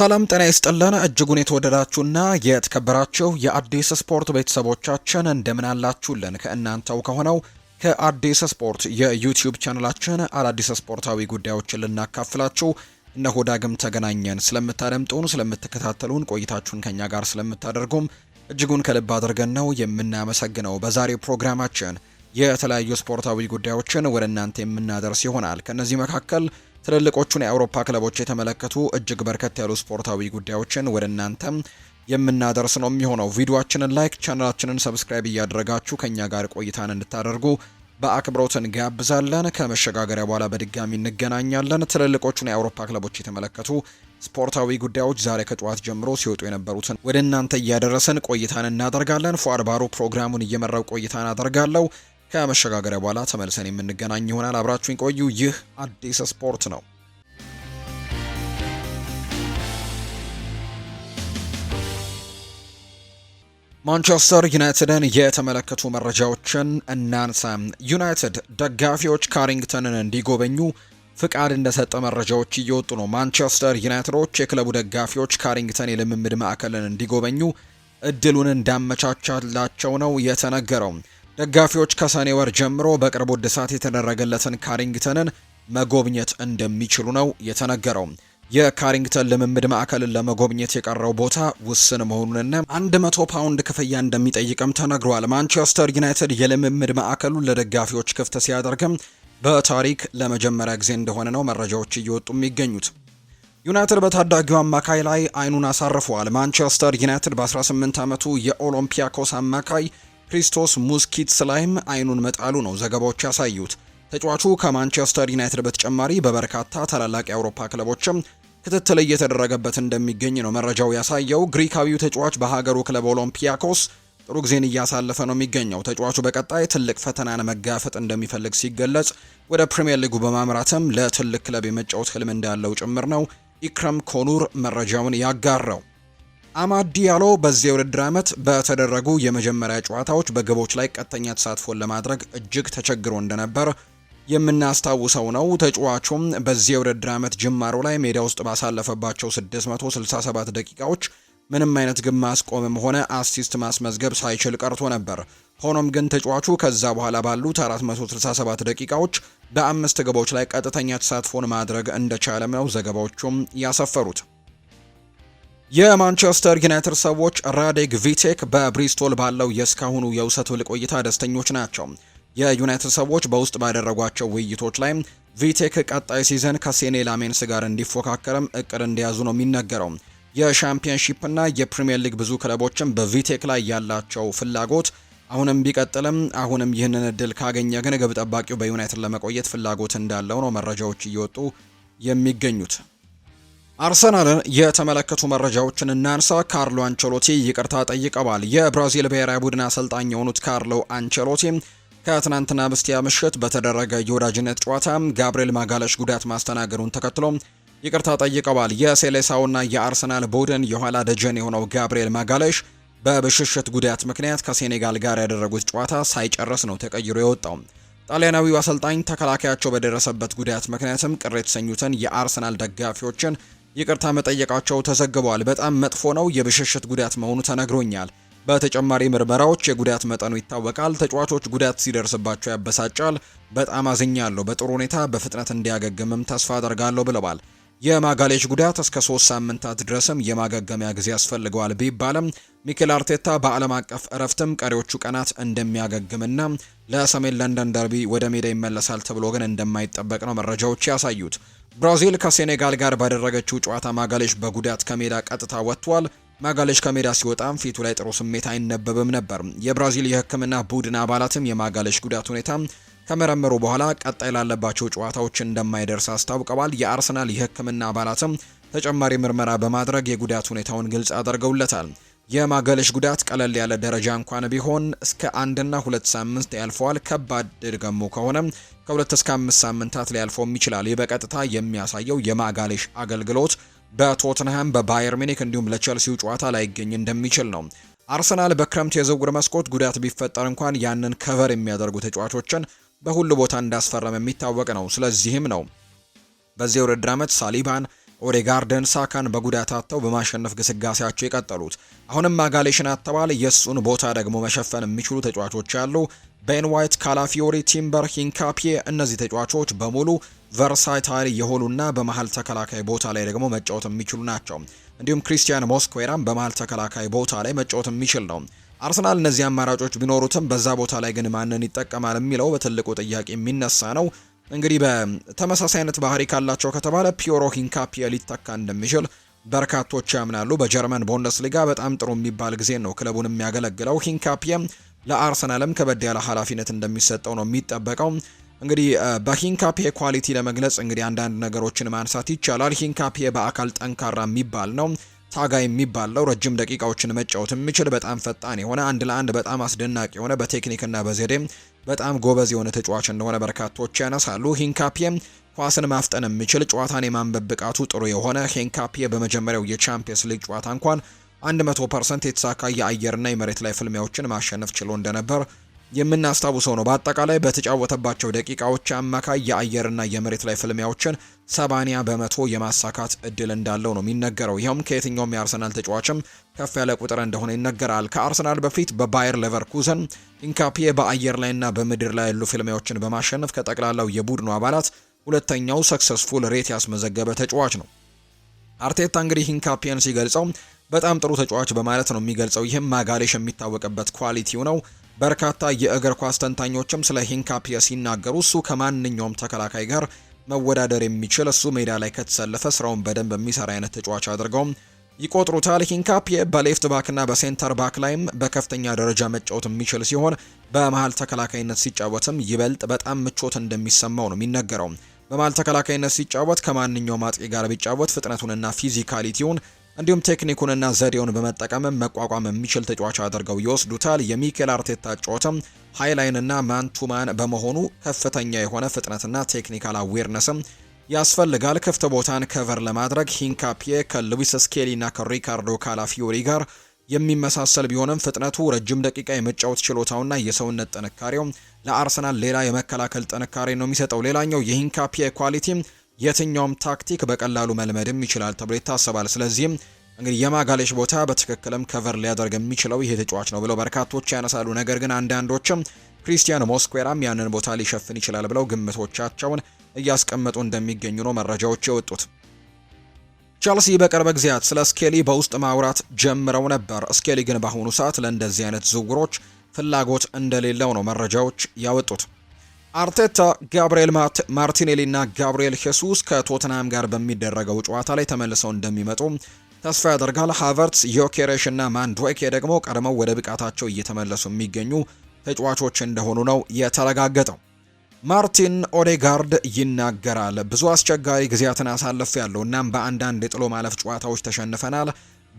ሰላም ጤና ይስጥልን እጅጉን የተወደዳችሁና የተከበራችሁ የአዲስ ስፖርት ቤተሰቦቻችን እንደምን አላችሁልን? ከእናንተው ከሆነው ከአዲስ ስፖርት የዩቲዩብ ቻነላችን አዳዲስ ስፖርታዊ ጉዳዮችን ልናካፍላችሁ እነሆ ዳግም ተገናኘን። ስለምታደምጡን፣ ስለምትከታተሉን፣ ቆይታችሁን ከኛ ጋር ስለምታደርጉም እጅጉን ከልብ አድርገን ነው የምናመሰግነው። በዛሬው ፕሮግራማችን የተለያዩ ስፖርታዊ ጉዳዮችን ወደ እናንተ የምናደርስ ይሆናል። ከእነዚህ መካከል ትልልቆቹን የአውሮፓ ክለቦች የተመለከቱ እጅግ በርከት ያሉ ስፖርታዊ ጉዳዮችን ወደ እናንተም የምናደርስ ነው የሚሆነው። ቪዲዮችንን ላይክ፣ ቻናላችንን ሰብስክራይብ እያደረጋችሁ ከእኛ ጋር ቆይታን እንድታደርጉ በአክብሮት እንጋብዛለን። ከመሸጋገሪያ በኋላ በድጋሚ እንገናኛለን። ትልልቆቹን የአውሮፓ ክለቦች የተመለከቱ ስፖርታዊ ጉዳዮች ዛሬ ከጠዋት ጀምሮ ሲወጡ የነበሩትን ወደ እናንተ እያደረስን ቆይታን እናደርጋለን። ፏርባሩ ፕሮግራሙን እየመራው ቆይታን አደርጋለሁ። ከመሸጋገሪያ በኋላ ተመልሰን የምንገናኝ ይሆናል። አብራችሁን ቆዩ። ይህ አዲስ ስፖርት ነው። ማንቸስተር ዩናይትድን የተመለከቱ መረጃዎችን እናንሳ። ዩናይትድ ደጋፊዎች ካሪንግተንን እንዲጎበኙ ፍቃድ እንደሰጠ መረጃዎች እየወጡ ነው። ማንቸስተር ዩናይትዶች የክለቡ ደጋፊዎች ካሪንግተን የልምምድ ማዕከልን እንዲጎበኙ እድሉን እንዳመቻቻላቸው ነው የተነገረው። ደጋፊዎች ከሰኔ ወር ጀምሮ በቅርቡ እድሳት የተደረገለትን ካሪንግተንን መጎብኘት እንደሚችሉ ነው የተነገረው። የካሪንግተን ልምምድ ማዕከልን ለመጎብኘት የቀረው ቦታ ውስን መሆኑንና አንድ መቶ ፓውንድ ክፍያ እንደሚጠይቅም ተነግሯል። ማንቸስተር ዩናይትድ የልምምድ ማዕከሉን ለደጋፊዎች ክፍት ሲያደርግም በታሪክ ለመጀመሪያ ጊዜ እንደሆነ ነው መረጃዎች እየወጡ የሚገኙት። ዩናይትድ በታዳጊው አማካይ ላይ አይኑን አሳርፈዋል። ማንቸስተር ዩናይትድ በ18 ዓመቱ የኦሎምፒያኮስ አማካይ ክሪስቶስ ሙስኪትስ ላይም አይኑን መጣሉ ነው ዘገባዎች ያሳዩት። ተጫዋቹ ከማንቸስተር ዩናይትድ በተጨማሪ በበርካታ ታላላቅ የአውሮፓ ክለቦችም ክትትል እየተደረገበት እንደሚገኝ ነው መረጃው ያሳየው። ግሪካዊው ተጫዋች በሀገሩ ክለብ ኦሎምፒያኮስ ጥሩ ጊዜን እያሳለፈ ነው የሚገኘው። ተጫዋቹ በቀጣይ ትልቅ ፈተናን መጋፈጥ እንደሚፈልግ ሲገለጽ፣ ወደ ፕሪምየር ሊጉ በማምራትም ለትልቅ ክለብ የመጫወት ህልም እንዳለው ጭምር ነው ኢክረም ኮኑር መረጃውን ያጋራው። አማዲ ያሎ በዚህ የውድድር ዓመት በተደረጉ የመጀመሪያ ጨዋታዎች በግቦች ላይ ቀጥተኛ ተሳትፎን ለማድረግ እጅግ ተቸግሮ እንደነበር የምናስታውሰው ነው። ተጫዋቹም በዚህ የውድድር ዓመት ጅማሮ ላይ ሜዳ ውስጥ ባሳለፈባቸው 667 ደቂቃዎች ምንም አይነት ግብ ማስቆምም ሆነ አሲስት ማስመዝገብ ሳይችል ቀርቶ ነበር። ሆኖም ግን ተጫዋቹ ከዛ በኋላ ባሉት 467 ደቂቃዎች በአምስት ግቦች ላይ ቀጥተኛ ተሳትፎን ማድረግ እንደቻለም ነው ዘገባዎቹም ያሰፈሩት። የማንቸስተር ዩናይትድ ሰዎች ራዴግ ቪቴክ በብሪስቶል ባለው የእስካሁኑ የውሰት ውል ቆይታ ደስተኞች ናቸው። የዩናይትድ ሰዎች በውስጥ ባደረጓቸው ውይይቶች ላይ ቪቴክ ቀጣይ ሲዘን ከሴኔ ላሜንስ ጋር እንዲፎካከርም እቅድ እንዲያዙ ነው የሚነገረው። የሻምፒየንሺፕና የፕሪምየር ሊግ ብዙ ክለቦችም በቪቴክ ላይ ያላቸው ፍላጎት አሁንም ቢቀጥልም አሁንም ይህንን እድል ካገኘ ግን ግብ ጠባቂው በዩናይትድ ለመቆየት ፍላጎት እንዳለው ነው መረጃዎች እየወጡ የሚገኙት። አርሰናልን የተመለከቱ መረጃዎችን እናንሳ። ካርሎ አንቸሎቲ ይቅርታ ጠይቀዋል። የብራዚል ብሔራዊ ቡድን አሰልጣኝ የሆኑት ካርሎ አንቸሎቲ ከትናንትና በስቲያ ምሽት በተደረገ የወዳጅነት ጨዋታ ጋብርኤል ማጋለሽ ጉዳት ማስተናገዱን ተከትሎ ይቅርታ ጠይቀዋል። የሴሌሳውና የአርሰናል ቡድን የኋላ ደጀን የሆነው ጋብርኤል ማጋለሽ በብሽሽት ጉዳት ምክንያት ከሴኔጋል ጋር ያደረጉት ጨዋታ ሳይጨረስ ነው ተቀይሮ የወጣው። ጣሊያናዊው አሰልጣኝ ተከላካያቸው በደረሰበት ጉዳት ምክንያትም ቅር የተሰኙትን የአርሰናል ደጋፊዎችን ይቅርታ መጠየቃቸው ተዘግቧል። በጣም መጥፎ ነው፣ የብሽሽት ጉዳት መሆኑ ተነግሮኛል። በተጨማሪ ምርመራዎች የጉዳት መጠኑ ይታወቃል። ተጫዋቾች ጉዳት ሲደርስባቸው ያበሳጫል። በጣም አዝኛለሁ። በጥሩ ሁኔታ በፍጥነት እንዲያገግምም ተስፋ አደርጋለሁ ብለዋል። የማጋሌሽ ጉዳት እስከ ሶስት ሳምንታት ድረስም የማገገሚያ ጊዜ ያስፈልገዋል ቢባልም ሚኬል አርቴታ በዓለም አቀፍ እረፍትም ቀሪዎቹ ቀናት እንደሚያገግምና ለሰሜን ለንደን ደርቢ ወደ ሜዳ ይመለሳል ተብሎ ግን እንደማይጠበቅ ነው መረጃዎች ያሳዩት። ብራዚል ከሴኔጋል ጋር ባደረገችው ጨዋታ ማጋሌሽ በጉዳት ከሜዳ ቀጥታ ወጥቷል። ማጋሌሽ ከሜዳ ሲወጣም ፊቱ ላይ ጥሩ ስሜት አይነበብም ነበር። የብራዚል የሕክምና ቡድን አባላትም የማጋሌሽ ጉዳት ሁኔታ ከመረመሩ በኋላ ቀጣይ ላለባቸው ጨዋታዎች እንደማይደርስ አስታውቀዋል። የአርሰናል የሕክምና አባላትም ተጨማሪ ምርመራ በማድረግ የጉዳት ሁኔታውን ግልጽ አድርገውለታል። የማጋለሽ ጉዳት ቀለል ያለ ደረጃ እንኳን ቢሆን እስከ አንድና ሁለት ሳምንት ያልፈዋል። ከባድ ደግሞ ከሆነ ከሁለት እስከ አምስት ሳምንታት ሊያልፈውም ይችላል። ይህ በቀጥታ የሚያሳየው የማጋለሽ አገልግሎት በቶትንሃም በባየር ሚኒክ እንዲሁም ለቸልሲው ጨዋታ ላይገኝ እንደሚችል ነው። አርሰናል በክረምት የዝውውር መስኮት ጉዳት ቢፈጠር እንኳን ያንን ከቨር የሚያደርጉ ተጫዋቾችን በሁሉ ቦታ እንዳስፈረመ የሚታወቅ ነው። ስለዚህም ነው በዚህ ውድድር ዓመት ሳሊባን ኦዴጋርደን ሳካን በጉዳት አጥተው በማሸነፍ ግስጋሴያቸው የቀጠሉት። አሁንም ማጋሌሽን አተባል የእሱን ቦታ ደግሞ መሸፈን የሚችሉ ተጫዋቾች አሉ። ቤን ዋይት፣ ካላፊዮሪ፣ ቲምበር፣ ሂንካፒዬ እነዚህ ተጫዋቾች በሙሉ ቨርሳታይል የሆኑና በመሀል ተከላካይ ቦታ ላይ ደግሞ መጫወት የሚችሉ ናቸው። እንዲሁም ክሪስቲያን ሞስኩዌራም በመሀል ተከላካይ ቦታ ላይ መጫወት የሚችል ነው። አርሰናል እነዚህ አማራጮች ቢኖሩትም በዛ ቦታ ላይ ግን ማንን ይጠቀማል የሚለው በትልቁ ጥያቄ የሚነሳ ነው። እንግዲህ በተመሳሳይ አይነት ባህሪ ካላቸው ከተባለ ፒዮሮ ሂንካፒየ ሊተካ እንደሚችል በርካቶች ያምናሉ። በጀርመን ቡንደስሊጋ በጣም ጥሩ የሚባል ጊዜ ነው ክለቡን የሚያገለግለው። ሂንካፒየም ለአርሰናልም ከበድ ያለ ኃላፊነት እንደሚሰጠው ነው የሚጠበቀው። እንግዲህ በሂንካፒየ ኳሊቲ ለመግለጽ እንግዲህ አንዳንድ ነገሮችን ማንሳት ይቻላል። ሂንካፒየ በአካል ጠንካራ የሚባል ነው። ታጋ የሚባለው ረጅም ደቂቃዎችን መጫወት የሚችል በጣም ፈጣን የሆነ አንድ ለአንድ በጣም አስደናቂ የሆነ በቴክኒክና በዘዴም በጣም ጎበዝ የሆነ ተጫዋች እንደሆነ በርካቶች ያነሳሉ። ሂንካፒየም ኳስን ማፍጠን የሚችል ጨዋታን የማንበብ ብቃቱ ጥሩ የሆነ ሂንካፒየ በመጀመሪያው የቻምፒየንስ ሊግ ጨዋታ እንኳን 100% የተሳካ የአየርና የመሬት ላይ ፍልሚያዎችን ማሸነፍ ችሎ እንደነበር የምናስታውሰው ነው። በአጠቃላይ በተጫወተባቸው ደቂቃዎች አማካይ የአየርና የመሬት ላይ ፍልሚያዎችን 80 በመቶ የማሳካት እድል እንዳለው ነው የሚነገረው። ይኸውም ከየትኛውም የአርሰናል ተጫዋችም ከፍ ያለ ቁጥር እንደሆነ ይነገራል። ከአርሰናል በፊት በባየር ሌቨርኩዘን ኢንካፒዬ በአየር ላይና በምድር ላይ ያሉ ፍልሚያዎችን በማሸነፍ ከጠቅላላው የቡድኑ አባላት ሁለተኛው ሰክሰስፉል ሬት ያስመዘገበ ተጫዋች ነው። አርቴታ እንግዲህ ኢንካፒየን ሲገልጸው በጣም ጥሩ ተጫዋች በማለት ነው የሚገልጸው። ይህም ማጋሌሽ የሚታወቅበት ኳሊቲው ነው። በርካታ የእግር ኳስ ተንታኞችም ስለ ሂንካፒየ ሲናገሩ እሱ ከማንኛውም ተከላካይ ጋር መወዳደር የሚችል እሱ ሜዳ ላይ ከተሰለፈ ስራውን በደንብ የሚሰራ አይነት ተጫዋች አድርገው ይቆጥሩታል። ሂንካፒየ በሌፍት ባክና በሴንተር ባክ ላይም በከፍተኛ ደረጃ መጫወት የሚችል ሲሆን በመሀል ተከላካይነት ሲጫወትም ይበልጥ በጣም ምቾት እንደሚሰማው ነው የሚነገረው። በመሀል ተከላካይነት ሲጫወት ከማንኛውም አጥቂ ጋር ቢጫወት ፍጥነቱንና ፊዚካሊቲውን እንዲሁም ቴክኒኩንና ዘዴውን በመጠቀም መቋቋም የሚችል ተጫዋች አድርገው ይወስዱታል። የሚኬል አርቴታ ጨዋታም ሃይላይንና ማንቱማን በመሆኑ ከፍተኛ የሆነ ፍጥነትና ቴክኒካል አዌርነስም ያስፈልጋል። ክፍት ቦታን ከቨር ለማድረግ ሂንካፒየ ከሉዊስ ስኬሊና ከሪካርዶ ካላፊዮሪ ጋር የሚመሳሰል ቢሆንም ፍጥነቱ፣ ረጅም ደቂቃ የመጫወት ችሎታውና የሰውነት ጥንካሬው ለአርሰናል ሌላ የመከላከል ጥንካሬ ነው የሚሰጠው። ሌላኛው የሂንካፒየ ኳሊቲም የትኛውም ታክቲክ በቀላሉ መልመድም ይችላል ተብሎ ይታሰባል። ስለዚህም እንግዲህ የማጋሌሽ ቦታ በትክክልም ከቨር ሊያደርግ የሚችለው ይሄ ተጫዋች ነው ብለው በርካቶች ያነሳሉ። ነገር ግን አንዳንዶችም ክሪስቲያን ሞስኩዌራም ያንን ቦታ ሊሸፍን ይችላል ብለው ግምቶቻቸውን እያስቀመጡ እንደሚገኙ ነው መረጃዎች የወጡት። ቸልሲ በቅርብ ጊዜያት ስለ ስኬሊ በውስጥ ማውራት ጀምረው ነበር። ስኬሊ ግን በአሁኑ ሰዓት ለእንደዚህ አይነት ዝውውሮች ፍላጎት እንደሌለው ነው መረጃዎች ያወጡት። አርቴታ ጋብርኤል ማርቲኔሊ እና ጋብርኤል ሄሱስ ከቶትናም ጋር በሚደረገው ጨዋታ ላይ ተመልሰው እንደሚመጡ ተስፋ ያደርጋል። ሃቨርትስ፣ ዮኬሬሽ እና ማንድዌኬ ደግሞ ቀድመው ወደ ብቃታቸው እየተመለሱ የሚገኙ ተጫዋቾች እንደሆኑ ነው የተረጋገጠው። ማርቲን ኦዴጋርድ ይናገራል። ብዙ አስቸጋሪ ጊዜያትን አሳልፍ ያለው እናም በአንዳንድ የጥሎ ማለፍ ጨዋታዎች ተሸንፈናል።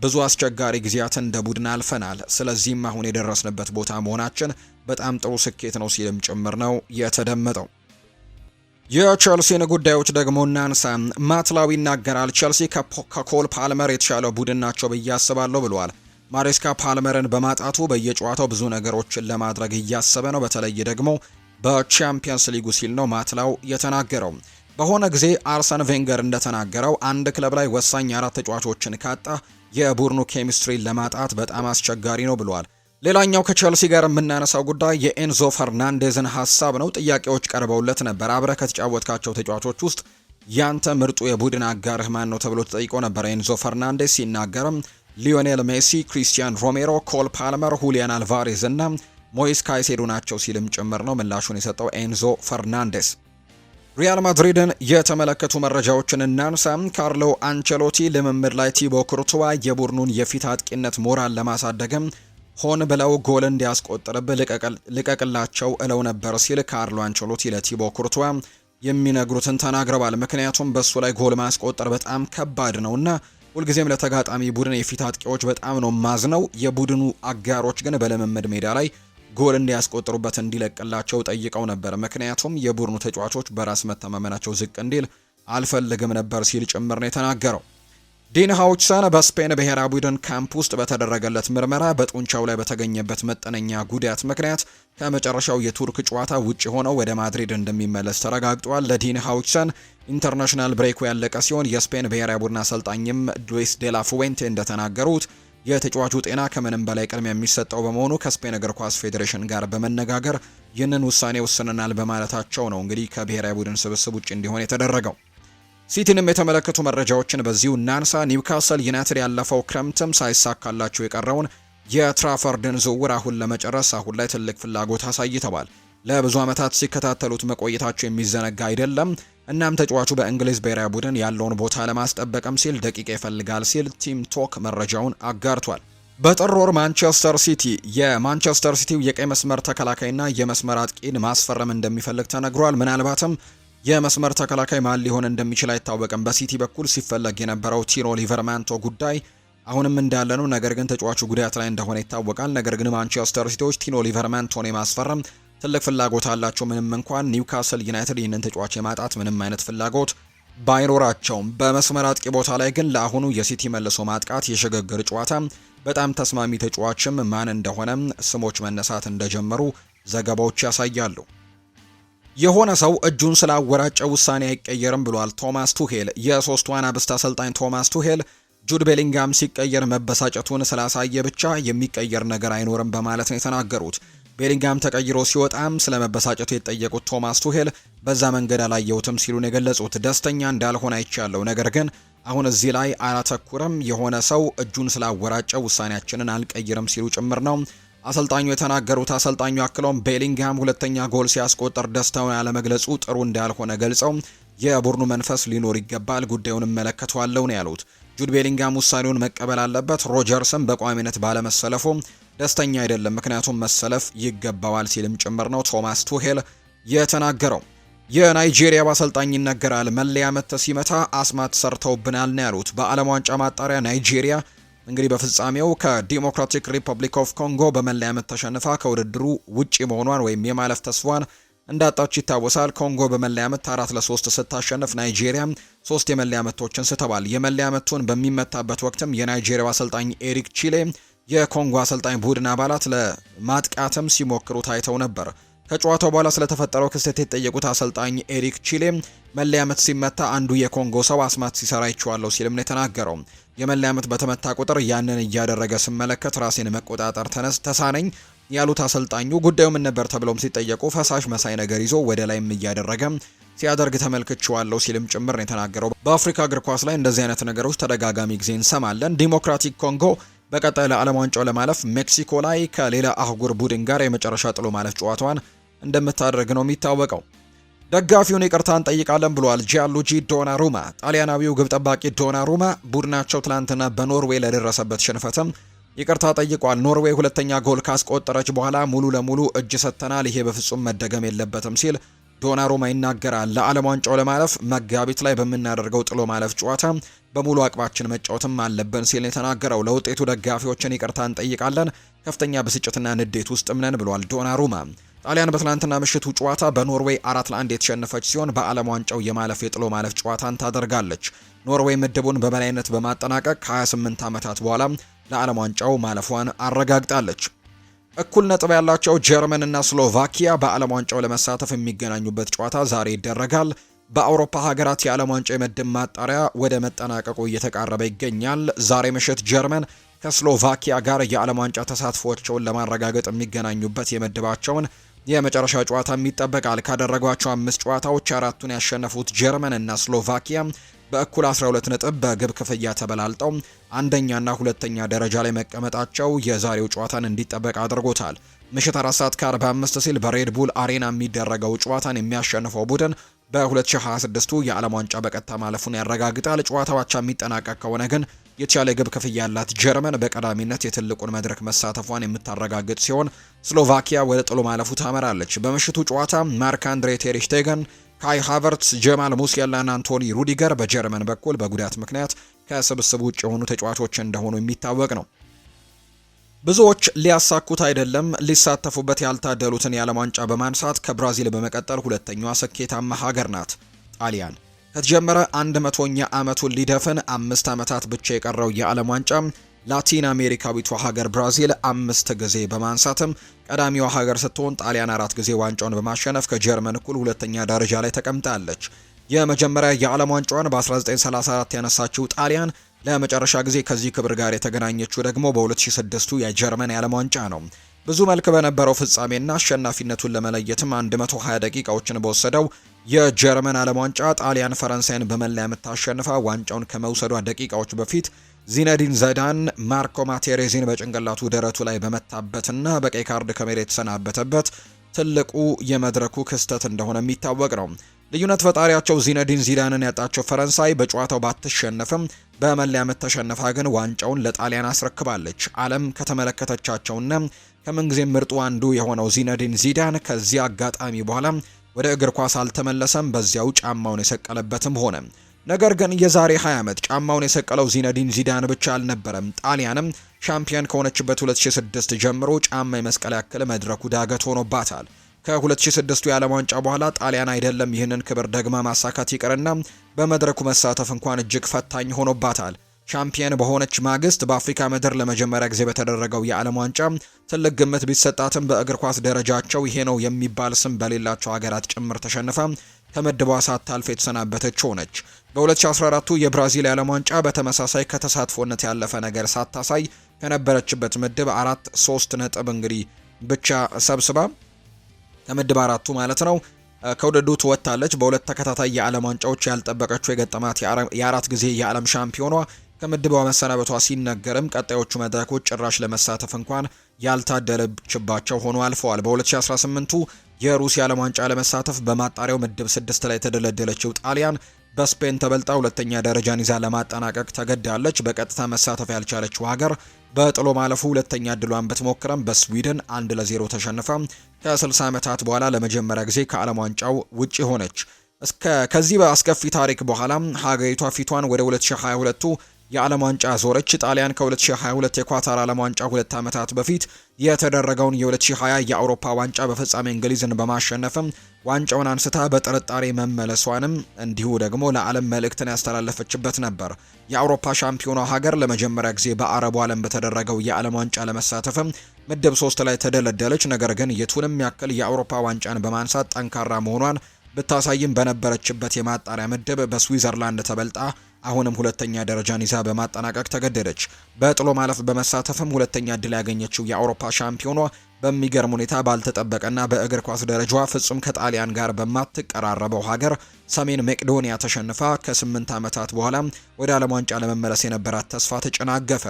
ብዙ አስቸጋሪ ጊዜያትን እንደ ቡድን አልፈናል። ስለዚህም አሁን የደረስንበት ቦታ መሆናችን በጣም ጥሩ ስኬት ነው ሲልም ጭምር ነው የተደመጠው። የቸልሲን ጉዳዮች ደግሞ እናንሳ። ማትላዊ ይናገራል። ቸልሲ ከኮል ፓልመር የተሻለ ቡድን ናቸው ብዬ አስባለሁ ብለዋል። ማሬስካ ፓልመርን በማጣቱ በየጨዋታው ብዙ ነገሮችን ለማድረግ እያሰበ ነው። በተለይ ደግሞ በቻምፒየንስ ሊጉ ሲል ነው ማትላው የተናገረው። በሆነ ጊዜ አርሰን ቬንገር እንደተናገረው አንድ ክለብ ላይ ወሳኝ አራት ተጫዋቾችን ካጣ የቡድኑ ኬሚስትሪን ለማጣት በጣም አስቸጋሪ ነው ብለዋል። ሌላኛው ከቸልሲ ጋር የምናነሳው ጉዳይ የኤንዞ ፈርናንዴዝን ሀሳብ ነው። ጥያቄዎች ቀርበውለት ነበር። አብረ ከተጫወትካቸው ተጫዋቾች ውስጥ ያንተ ምርጡ የቡድን አጋርህ ማን ነው ተብሎ ተጠይቆ ነበር። ኤንዞ ፈርናንዴዝ ሲናገርም ሊዮኔል ሜሲ፣ ክሪስቲያን ሮሜሮ፣ ኮል ፓልመር፣ ሁሊያን አልቫሬዝ እና ሞይስ ካይሴዱ ናቸው ሲልም ጭምር ነው ምላሹን የሰጠው ኤንዞ ፈርናንዴስ። ሪያል ማድሪድን የተመለከቱ መረጃዎችን እናንሳ። ካርሎ አንቸሎቲ ልምምድ ላይ ቲቦ ኩርቱዋ የቡድኑን የፊት አጥቂነት ሞራል ለማሳደግም ሆን ብለው ጎል እንዲያስቆጥርብህ ልቀቅላቸው እለው ነበር ሲል ካርሎ አንቸሎቲ ለቲቦ ኩርቷ የሚነግሩትን ተናግረዋል። ምክንያቱም በእሱ ላይ ጎል ማስቆጠር በጣም ከባድ ነውና ሁልጊዜም ለተጋጣሚ ቡድን የፊት አጥቂዎች በጣም ነው ነው። የቡድኑ አጋሮች ግን በልምምድ ሜዳ ላይ ጎል እንዲያስቆጥሩበት እንዲለቅላቸው ጠይቀው ነበር። ምክንያቱም የቡድኑ ተጫዋቾች በራስ መተማመናቸው ዝቅ እንዲል አልፈልግም ነበር ሲል ጭምር ነው የተናገረው። ዲን ሃውችሰን በስፔን ብሔራዊ ቡድን ካምፕ ውስጥ በተደረገለት ምርመራ በጡንቻው ላይ በተገኘበት መጠነኛ ጉዳት ምክንያት ከመጨረሻው የቱርክ ጨዋታ ውጭ ሆነው ወደ ማድሪድ እንደሚመለስ ተረጋግጧል። ለዲን ሃውችሰን ኢንተርናሽናል ብሬኩ ያለቀ ሲሆን የስፔን ብሔራዊ ቡድን አሰልጣኝም ሉዊስ ዴላ ፉዌንቴ እንደተናገሩት የተጫዋቹ ጤና ከምንም በላይ ቅድሚያ የሚሰጠው በመሆኑ ከስፔን እግር ኳስ ፌዴሬሽን ጋር በመነጋገር ይህንን ውሳኔ ወስነናል በማለታቸው ነው እንግዲህ ከብሔራዊ ቡድን ስብስብ ውጭ እንዲሆን የተደረገው። ሲቲንም የተመለከቱ መረጃዎችን በዚሁ እናንሳ። ኒውካስል ዩናይትድ ያለፈው ክረምትም ሳይሳካላቸው የቀረውን የትራፈርድን ዝውውር አሁን ለመጨረስ አሁን ላይ ትልቅ ፍላጎት አሳይተዋል። ለብዙ ዓመታት ሲከታተሉት መቆየታቸው የሚዘነጋ አይደለም። እናም ተጫዋቹ በእንግሊዝ ብሔራዊ ቡድን ያለውን ቦታ ለማስጠበቅም ሲል ደቂቃ ይፈልጋል ሲል ቲም ቶክ መረጃውን አጋርቷል። በጥር ወር ማንቸስተር ሲቲ የማንቸስተር ሲቲው የቀይ መስመር ተከላካይና የመስመር አጥቂን ማስፈረም እንደሚፈልግ ተነግሯል። ምናልባትም የመስመር ተከላካይ ማን ሊሆን እንደሚችል አይታወቅም። በሲቲ በኩል ሲፈለግ የነበረው ቲሮ ሊቨርማንቶ ጉዳይ አሁንም እንዳለ ነው። ነገር ግን ተጫዋቹ ጉዳት ላይ እንደሆነ ይታወቃል። ነገር ግን ማንቸስተር ሲቲዎች ቲኖ ሊቨርማንቶን የማስፈረም ትልቅ ፍላጎት አላቸው። ምንም እንኳን ኒውካስል ዩናይትድ ይህንን ተጫዋች የማጣት ምንም አይነት ፍላጎት ባይኖራቸውም በመስመር አጥቂ ቦታ ላይ ግን ለአሁኑ የሲቲ መልሶ ማጥቃት የሽግግር ጨዋታ በጣም ተስማሚ ተጫዋችም ማን እንደሆነ ስሞች መነሳት እንደጀመሩ ዘገባዎች ያሳያሉ። የሆነ ሰው እጁን ስላወራጨ ውሳኔ አይቀየርም ብሏል ቶማስ ቱሄል። የሶስቱ አናብስት አሰልጣኝ ቶማስ ቱሄል ጁድ ቤሊንጋም ሲቀየር መበሳጨቱን ስላሳየ ብቻ የሚቀየር ነገር አይኖርም በማለት ነው የተናገሩት። ቤሊንጋም ተቀይሮ ሲወጣም ስለ መበሳጨቱ የጠየቁት ቶማስ ቱሄል በዛ መንገድ አላየሁትም ሲሉን የገለጹት ደስተኛ እንዳልሆነ አይቻለው፣ ነገር ግን አሁን እዚህ ላይ አላተኩርም። የሆነ ሰው እጁን ስላወራጨ ውሳኔያችንን አልቀይርም ሲሉ ጭምር ነው አሰልጣኙ የተናገሩት። አሰልጣኙ አክለውም ቤሊንግሃም ሁለተኛ ጎል ሲያስቆጠር ደስታውን ያለመግለጹ ጥሩ እንዳልሆነ ገልጸው የቡድኑ መንፈስ ሊኖር ይገባል፣ ጉዳዩን እመለከተዋለሁ ነው ያሉት። ጁድ ቤሊንግሃም ውሳኔውን መቀበል አለበት፣ ሮጀርስም በቋሚነት ባለመሰለፉ ደስተኛ አይደለም፣ ምክንያቱም መሰለፍ ይገባዋል ሲልም ጭምር ነው ቶማስ ቱሄል የተናገረው። የናይጄሪያ አሰልጣኝ ይነገራል፣ መለያ መተ ሲመታ አስማት ሰርተውብናል ነው ያሉት። በዓለም ዋንጫ ማጣሪያ ናይጄሪያ እንግዲህ በፍጻሜው ከዲሞክራቲክ ሪፐብሊክ ኦፍ ኮንጎ በመለያ ምት ተሸንፋ ከውድድሩ ውጪ መሆኗን ወይም የማለፍ ተስፏን እንዳጣች ይታወሳል። ኮንጎ በመለያ ምት አራት ለሶስት ስታሸንፍ ናይጄሪያ ሶስት የመለያ ምቶችን ስተዋል። የመለያ ምቱን በሚመታበት ወቅትም የናይጄሪያው አሰልጣኝ ኤሪክ ቺሌ የኮንጎ አሰልጣኝ ቡድን አባላት ለማጥቃትም ሲሞክሩ ታይተው ነበር። ከጨዋታው በኋላ ስለተፈጠረው ክስተት የተጠየቁት አሰልጣኝ ኤሪክ ቺሌ መለያ ምት ሲመታ አንዱ የኮንጎ ሰው አስማት ሲሰራ ይችዋለሁ ሲልም ነው የተናገረው። የመለያ ምት በተመታ ቁጥር ያንን እያደረገ ስመለከት ራሴን መቆጣጠር ተነስ ተሳነኝ ያሉት አሰልጣኙ ጉዳዩ ምን ነበር ተብለውም ሲጠየቁ ፈሳሽ መሳይ ነገር ይዞ ወደ ላይም እያደረገ ሲያደርግ ተመልክቼዋለሁ ሲልም ጭምር ነው የተናገረው። በአፍሪካ እግር ኳስ ላይ እንደዚህ አይነት ነገሮች ተደጋጋሚ ጊዜ እንሰማለን። ዲሞክራቲክ ኮንጎ በቀጣይ ለዓለም ዋንጫው ለማለፍ ሜክሲኮ ላይ ከሌላ አህጉር ቡድን ጋር የመጨረሻ ጥሎ ማለፍ ጨዋታዋን እንደምታደርግ ነው የሚታወቀው። ደጋፊውን ይቅርታ እንጠይቃለን ብሏል ጂያሉጂ ዶናሩማ። ጣሊያናዊው ግብ ጠባቂ ዶናሩማ ቡድናቸው ትላንትና በኖርዌይ ለደረሰበት ሽንፈትም ይቅርታ ጠይቋል። ኖርዌይ ሁለተኛ ጎል ካስቆጠረች በኋላ ሙሉ ለሙሉ እጅ ሰጥተናል፣ ይሄ በፍጹም መደገም የለበትም ሲል ዶናሩማ ይናገራል። ለዓለም ዋንጫው ለማለፍ መጋቢት ላይ በምናደርገው ጥሎ ማለፍ ጨዋታ በሙሉ አቅማችን መጫወትም አለብን ሲል የተናገረው ለውጤቱ ደጋፊዎችን ይቅርታ እንጠይቃለን፣ ከፍተኛ ብስጭትና ንዴት ውስጥ ምነን ብሏል ዶናሩማ። ጣሊያን በትላንትና ምሽቱ ጨዋታ በኖርዌይ አራት ለአንድ የተሸነፈች ሲሆን በዓለም ዋንጫው የማለፍ የጥሎ ማለፍ ጨዋታን ታደርጋለች። ኖርዌይ ምድቡን በበላይነት በማጠናቀቅ ከ28 ዓመታት በኋላ ለዓለም ዋንጫው ማለፏን አረጋግጣለች። እኩል ነጥብ ያላቸው ጀርመን እና ስሎቫኪያ በዓለም ዋንጫው ለመሳተፍ የሚገናኙበት ጨዋታ ዛሬ ይደረጋል። በአውሮፓ ሀገራት የዓለም ዋንጫ የምድብ ማጣሪያ ወደ መጠናቀቁ እየተቃረበ ይገኛል። ዛሬ ምሽት ጀርመን ከስሎቫኪያ ጋር የዓለም ዋንጫ ተሳትፎቸውን ለማረጋገጥ የሚገናኙበት የምድባቸውን የመጨረሻ ጨዋታም ይጠበቃል። ካደረጓቸው አምስት ጨዋታዎች አራቱን ያሸነፉት ጀርመን እና ስሎቫኪያ በእኩል 12 ነጥብ በግብ ክፍያ ተበላልጠው አንደኛና ሁለተኛ ደረጃ ላይ መቀመጣቸው የዛሬው ጨዋታን እንዲጠበቅ አድርጎታል። ምሽት 4 ሰዓት ከ45 ሲል በሬድቡል አሬና የሚደረገው ጨዋታን የሚያሸንፈው ቡድን በ2026ቱ የዓለም ዋንጫ በቀጥታ ማለፉን ያረጋግጣል። ጨዋታው አቻ የሚጠናቀቅ ከሆነ ግን የተሻለ ግብ ክፍያ ያላት ጀርመን በቀዳሚነት የትልቁን መድረክ መሳተፏን የምታረጋግጥ ሲሆን ስሎቫኪያ ወደ ጥሎ ማለፉ ታመራለች። በምሽቱ ጨዋታ ማርክ አንድሬ ቴሪሽቴገን፣ ካይ ሃቨርትስ፣ ጀማል ሙሲያላና አንቶኒ ሩዲገር በጀርመን በኩል በጉዳት ምክንያት ከስብስብ ውጭ የሆኑ ተጫዋቾች እንደሆኑ የሚታወቅ ነው። ብዙዎች ሊያሳኩት አይደለም ሊሳተፉበት ያልታደሉትን የዓለም ዋንጫ በማንሳት ከብራዚል በመቀጠል ሁለተኛዋ ስኬታማ ሀገር ናት ጣሊያን። ከተጀመረ አንድ መቶኛ ዓመቱን ሊደፍን አምስት ዓመታት ብቻ የቀረው የዓለም ዋንጫ ላቲን አሜሪካዊቷ ሀገር ብራዚል አምስት ጊዜ በማንሳትም ቀዳሚዋ ሀገር ስትሆን ጣሊያን አራት ጊዜ ዋንጫውን በማሸነፍ ከጀርመን እኩል ሁለተኛ ደረጃ ላይ ተቀምጣለች። የመጀመሪያ የዓለም ዋንጫዋን በ1934 ያነሳችው ጣሊያን ለመጨረሻ ጊዜ ከዚህ ክብር ጋር የተገናኘችው ደግሞ በ2006ቱ የጀርመን የዓለም ዋንጫ ነው። ብዙ መልክ በነበረው ፍጻሜና አሸናፊነቱን ለመለየትም 120 ደቂቃዎችን በወሰደው የጀርመን ዓለም ዋንጫ ጣሊያን ፈረንሳይን በመለያ የምታሸንፋ ዋንጫውን ከመውሰዷ ደቂቃዎች በፊት ዚነዲን ዘዳን ማርኮ ማቴሬዚን በጭንቅላቱ ደረቱ ላይ በመታበትና በቀይ ካርድ ከሜዳ የተሰናበተበት ትልቁ የመድረኩ ክስተት እንደሆነ የሚታወቅ ነው። ልዩነት ፈጣሪያቸው ዚነዲን ዚዳንን ያጣቸው ፈረንሳይ በጨዋታው ባትሸነፍም በመለያ ምት ተሸንፋ ግን ዋንጫውን ለጣሊያን አስረክባለች። ዓለም ከተመለከተቻቸውና ከምንጊዜም ምርጡ አንዱ የሆነው ዚነዲን ዚዳን ከዚያ አጋጣሚ በኋላ ወደ እግር ኳስ አልተመለሰም። በዚያው ጫማውን የሰቀለበትም ሆነ። ነገር ግን የዛሬ 20 ዓመት ጫማውን የሰቀለው ዚነዲን ዚዳን ብቻ አልነበረም። ጣሊያንም ሻምፒዮን ከሆነችበት 2006 ጀምሮ ጫማ የመስቀል ያክል መድረኩ ዳገት ሆኖባታል። ከ2006 የዓለም ዋንጫ በኋላ ጣሊያን አይደለም ይህንን ክብር ደግማ ማሳካት ይቅርና በመድረኩ መሳተፍ እንኳን እጅግ ፈታኝ ሆኖባታል። ሻምፒየን በሆነች ማግስት በአፍሪካ ምድር ለመጀመሪያ ጊዜ በተደረገው የዓለም ዋንጫ ትልቅ ግምት ቢሰጣትም በእግር ኳስ ደረጃቸው ይሄ ነው የሚባል ስም በሌላቸው ሀገራት ጭምር ተሸንፋ ከምድቧ ሳታልፍ የተሰናበተች ሆነች። በ2014 የብራዚል የዓለም ዋንጫ በተመሳሳይ ከተሳትፎነት ያለፈ ነገር ሳታሳይ ከነበረችበት ምድብ አራት ሶስት ነጥብ እንግዲህ ብቻ ሰብስባ ከምድብ አራቱ ማለት ነው ከውድድሩ ትወጥታለች። በሁለት ተከታታይ የዓለም ዋንጫዎች ያልጠበቀችው የገጠማት የአራት ጊዜ የዓለም ሻምፒዮኗ ከምድቧ መሰናበቷ ሲነገርም ቀጣዮቹ መድረኮች ጭራሽ ለመሳተፍ እንኳን ያልታደለችባቸው ሆኖ አልፈዋል። በ2018ቱ የሩሲያ ዓለም ዋንጫ ለመሳተፍ በማጣሪያው ምድብ ስድስት ላይ የተደለደለችው ጣሊያን በስፔን ተበልጣ ሁለተኛ ደረጃን ይዛ ለማጠናቀቅ ተገዳለች። በቀጥታ መሳተፍ ያልቻለችው ሀገር በጥሎ ማለፉ ሁለተኛ እድሏን ብትሞክረም በስዊድን አንድ ለዜሮ ተሸንፋ ከ60 ዓመታት በኋላ ለመጀመሪያ ጊዜ ከዓለም ዋንጫው ውጪ ሆነች። ከዚህ በአስከፊ ታሪክ በኋላ ሀገሪቷ ፊቷን ወደ 2022 የዓለም ዋንጫ ዞረች። ጣሊያን ከ2022 የኳታር ዓለም ዋንጫ ሁለት ዓመታት በፊት የተደረገውን የ2020 የአውሮፓ ዋንጫ በፍጻሜ እንግሊዝን በማሸነፍም ዋንጫውን አንስታ በጥርጣሬ መመለሷንም እንዲሁ ደግሞ ለዓለም መልእክትን ያስተላለፈችበት ነበር። የአውሮፓ ሻምፒዮኗ ሀገር ለመጀመሪያ ጊዜ በአረቡ ዓለም በተደረገው የዓለም ዋንጫ ለመሳተፍም ምድብ ሶስት ላይ ተደለደለች። ነገር ግን የቱንም ያክል የአውሮፓ ዋንጫን በማንሳት ጠንካራ መሆኗን ብታሳይም በነበረችበት የማጣሪያ ምድብ በስዊዘርላንድ ተበልጣ አሁንም ሁለተኛ ደረጃን ይዛ በማጠናቀቅ ተገደደች። በጥሎ ማለፍ በመሳተፍም ሁለተኛ እድል ያገኘችው የአውሮፓ ሻምፒዮኗ በሚገርም ሁኔታ ባልተጠበቀና በእግር ኳስ ደረጃዋ ፍጹም ከጣሊያን ጋር በማትቀራረበው ሀገር ሰሜን መቄዶኒያ ተሸንፋ ከስምንት ዓመታት በኋላ ወደ ዓለም ዋንጫ ለመመለስ የነበራት ተስፋ ተጨናገፈ።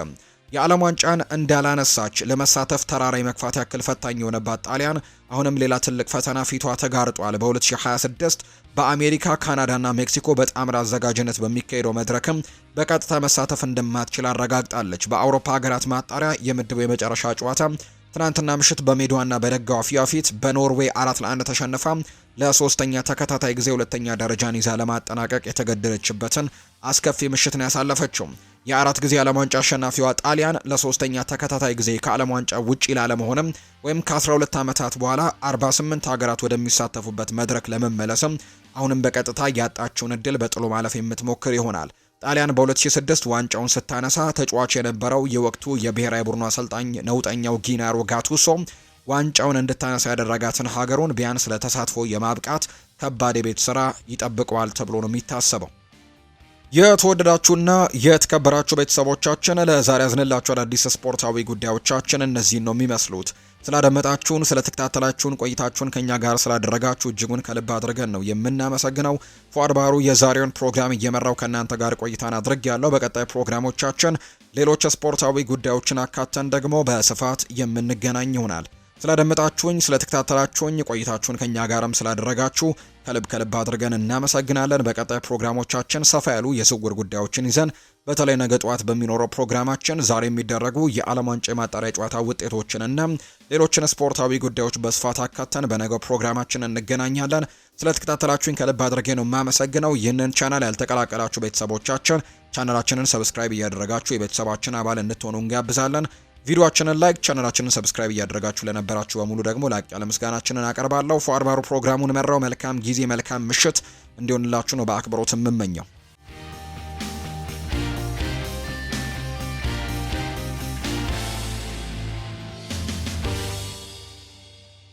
የዓለም ዋንጫን እንዳላነሳች ለመሳተፍ ተራራ መግፋት ያክል ፈታኝ የሆነባት ጣሊያን አሁንም ሌላ ትልቅ ፈተና ፊቷ ተጋርጧል። በ2026 በአሜሪካ ካናዳና ሜክሲኮ በጣምራ አዘጋጅነት በሚካሄደው መድረክም በቀጥታ መሳተፍ እንደማትችል አረጋግጣለች። በአውሮፓ ሀገራት ማጣሪያ የምድቡ የመጨረሻ ጨዋታ ትናንትና ምሽት በሜዳዋና በደጋፊዋ ፊት በኖርዌይ አራት ለአንድ ተሸንፋ ለሶስተኛ ተከታታይ ጊዜ ሁለተኛ ደረጃን ይዛ ለማጠናቀቅ የተገደደችበትን አስከፊ ምሽት ነው ያሳለፈችው። የአራት ጊዜ ዓለም ዋንጫ አሸናፊዋ ጣሊያን ለሶስተኛ ተከታታይ ጊዜ ከዓለም ዋንጫ ውጪ ላለመሆንም ወይም ከ12 ዓመታት በኋላ 48 ሀገራት ወደሚሳተፉበት መድረክ ለመመለስም አሁንም በቀጥታ ያጣችውን እድል በጥሎ ማለፍ የምትሞክር ይሆናል። ጣሊያን በ2006 ዋንጫውን ስታነሳ ተጫዋች የነበረው የወቅቱ የብሔራዊ ቡድኑ አሰልጣኝ ነውጠኛው ጊናሮ ጋቱሶ ዋንጫውን እንድታነሳ ያደረጋትን ሀገሩን ቢያንስ ለተሳትፎ የማብቃት ከባድ የቤት ስራ ይጠብቀዋል ተብሎ ነው የሚታሰበው። የተወደዳችሁና የተከበራችሁ ቤተሰቦቻችን ለዛሬ ያዝንላችሁ አዳዲስ ስፖርታዊ ጉዳዮቻችን እነዚህን ነው የሚመስሉት። ስላደመጣችሁን፣ ስለተከታተላችሁን፣ ቆይታችሁን ከእኛ ጋር ስላደረጋችሁ እጅጉን ከልብ አድርገን ነው የምናመሰግነው። ፏድ ባህሩ የዛሬውን ፕሮግራም እየመራው ከእናንተ ጋር ቆይታን አድርግ ያለው። በቀጣይ ፕሮግራሞቻችን ሌሎች ስፖርታዊ ጉዳዮችን አካተን ደግሞ በስፋት የምንገናኝ ይሆናል። ስላደመጣችሁኝ፣ ስለተከታተላችሁኝ፣ ቆይታችሁን ከኛ ጋርም ስላደረጋችሁ ከልብ ከልብ አድርገን እናመሰግናለን። በቀጣይ ፕሮግራሞቻችን ሰፋ ያሉ የዝውውር ጉዳዮችን ይዘን በተለይ ነገ ጠዋት በሚኖረው ፕሮግራማችን ዛሬ የሚደረጉ የዓለም ዋንጫ የማጣሪያ ጨዋታ ውጤቶችንና ሌሎችን ስፖርታዊ ጉዳዮች በስፋት አካተን በነገው ፕሮግራማችን እንገናኛለን። ስለተከታተላችሁኝ ከልብ አድርጌ ነው የማመሰግነው። ይህንን ቻናል ያልተቀላቀላችሁ ቤተሰቦቻችን ቻናላችንን ሰብስክራይብ እያደረጋችሁ የቤተሰባችን አባል እንድትሆኑ እንጋብዛለን። ቪዲዮአችንን ላይክ ቻናላችንን ሰብስክራይብ እያደረጋችሁ ለነበራችሁ በሙሉ ደግሞ ላቅ ያለ ምስጋናችንን አቀርባለሁ። ፎአርባሩ ፕሮግራሙን መራው። መልካም ጊዜ መልካም ምሽት እንዲሆንላችሁ ነው በአክብሮት የምመኘው።